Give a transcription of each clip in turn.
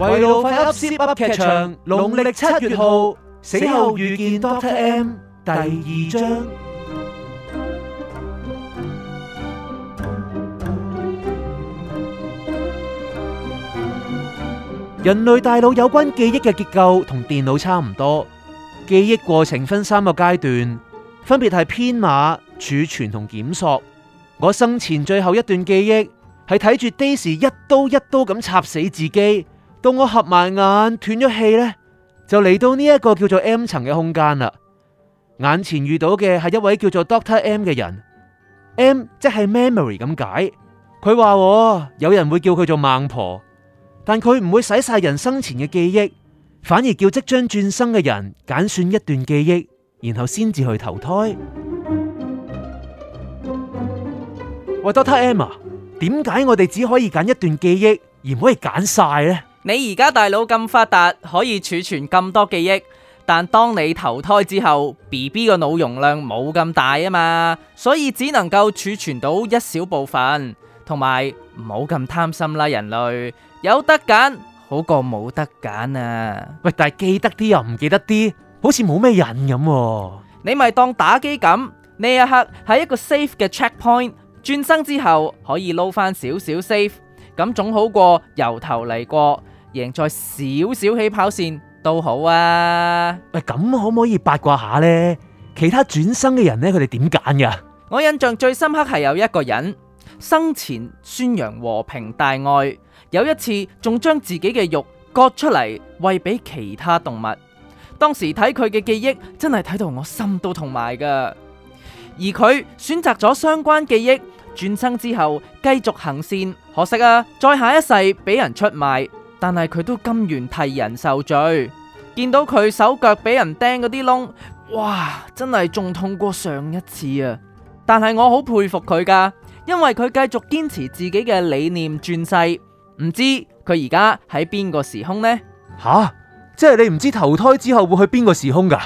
為老快 Zip 噏劇場，農曆七月號，死後遇見 Dr. M 第二章。人類大腦有關記憶嘅結構同電腦差唔多，記憶過程分三個階段，分別係編碼、儲存同檢索。我生前最後一段記憶係睇住 Daisy 一刀一刀咁插死自己。到我合埋眼斷咗氣呢，就嚟到呢一個叫做 M 層嘅空間啦。眼前遇到嘅係一位叫做 Doctor M 嘅人，M 即係 Memory 咁解。佢話有人會叫佢做孟婆，但佢唔會洗晒人生前嘅記憶，反而叫即將轉生嘅人揀選一段記憶，然後先至去投胎。喂，Doctor M 啊，點解我哋只可以揀一段記憶，而唔可以揀晒呢？你而家大腦咁發達，可以儲存咁多記憶，但當你投胎之後，BB 個腦容量冇咁大啊嘛，所以只能夠儲存到一小部分，同埋唔好咁貪心啦，人類有得揀好過冇得揀啊！喂，但係記得啲又唔記得啲，好似冇咩癮咁。你咪當打機咁，呢一刻係一個 safe 嘅 checkpoint，轉生之後可以撈翻少少 safe，咁總好過由頭嚟過。贏在少少起跑線都好啊！喂，咁可唔可以八卦下呢？其他轉生嘅人呢，佢哋點揀噶？我印象最深刻係有一個人生前宣揚和平大愛，有一次仲將自己嘅肉割出嚟餵俾其他動物。當時睇佢嘅記憶真係睇到我心都痛埋噶。而佢選擇咗相關記憶轉生之後繼續行善，可惜啊，再下一世俾人出賣。但係佢都甘願替人受罪，見到佢手腳俾人釘嗰啲窿，哇，真係仲痛過上一次啊！但係我好佩服佢噶，因為佢繼續堅持自己嘅理念轉世。唔知佢而家喺邊個時空呢？吓，啊，即係你唔知投胎之後會去邊個時空噶？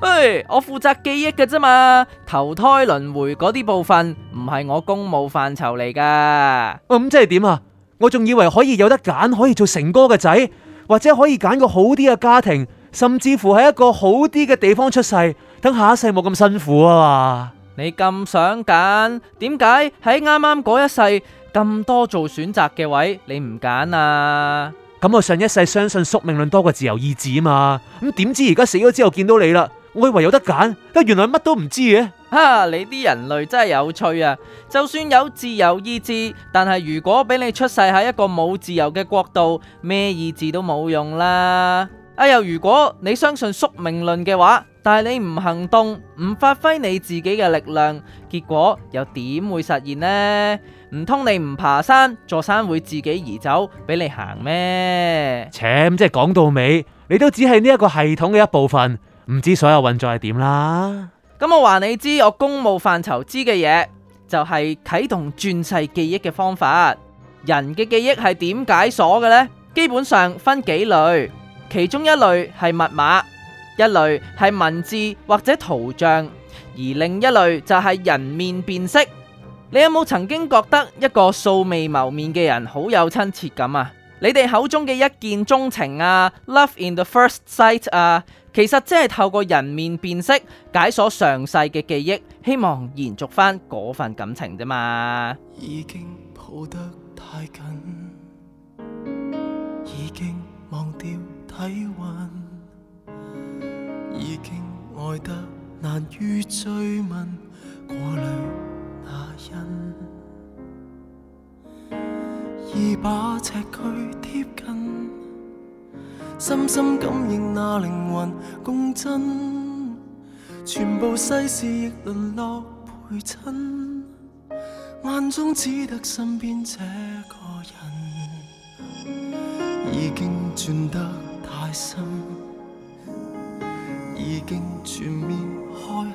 唉，我負責記憶噶啫嘛，投胎輪回嗰啲部分唔係我公務範疇嚟噶。咁即係點啊？我仲以為可以有得揀，可以做成哥嘅仔，或者可以揀個好啲嘅家庭，甚至乎喺一個好啲嘅地方出世，等下一世冇咁辛苦啊嘛！你咁想揀，點解喺啱啱嗰一世咁多做選擇嘅位，你唔揀啊？咁我上一世相信宿命論多過自由意志啊嘛！咁點知而家死咗之後見到你啦？我以為有得揀，但原來乜都唔知嘅。哈、啊！你啲人類真係有趣啊！就算有自由意志，但係如果俾你出世喺一個冇自由嘅國度，咩意志都冇用啦。哎、啊、又如果你相信宿命論嘅話，但係你唔行動，唔發揮你自己嘅力量，結果又點會實現呢？唔通你唔爬山，座山會自己移走俾你行咩？切！即係講到尾，你都只係呢一個系統嘅一部分。唔知所有運作係點啦。咁我話你知，我公務範疇知嘅嘢就係、是、啟動轉世記憶嘅方法。人嘅記憶係點解鎖嘅呢？基本上分幾類，其中一類係密碼，一類係文字或者圖像，而另一類就係人面辨識。你有冇曾經覺得一個素未謀面嘅人好有親切感啊？你哋口中嘅一見鍾情啊，love in the first sight 啊，其實即係透過人面辨識，解鎖上世嘅記憶，希望延續翻嗰份感情啫嘛。已經抱得太緊，已經忘掉體溫，已經愛得難於追問。已把赤軀貼近，深深感應那靈魂共振，全部世事亦淪落陪襯，眼中只得身邊這個人，已經鑽得太深，已經全面開墾。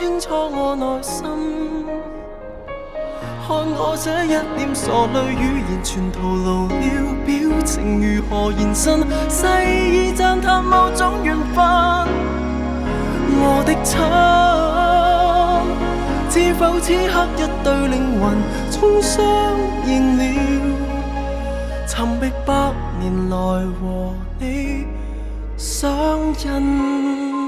清楚我內心，看我這一臉傻淚，語言全徒勞了，表情如何延伸，細意讚歎某種緣分。我的親，知否此刻一對靈魂終相認了，尋覓百年來和你相印。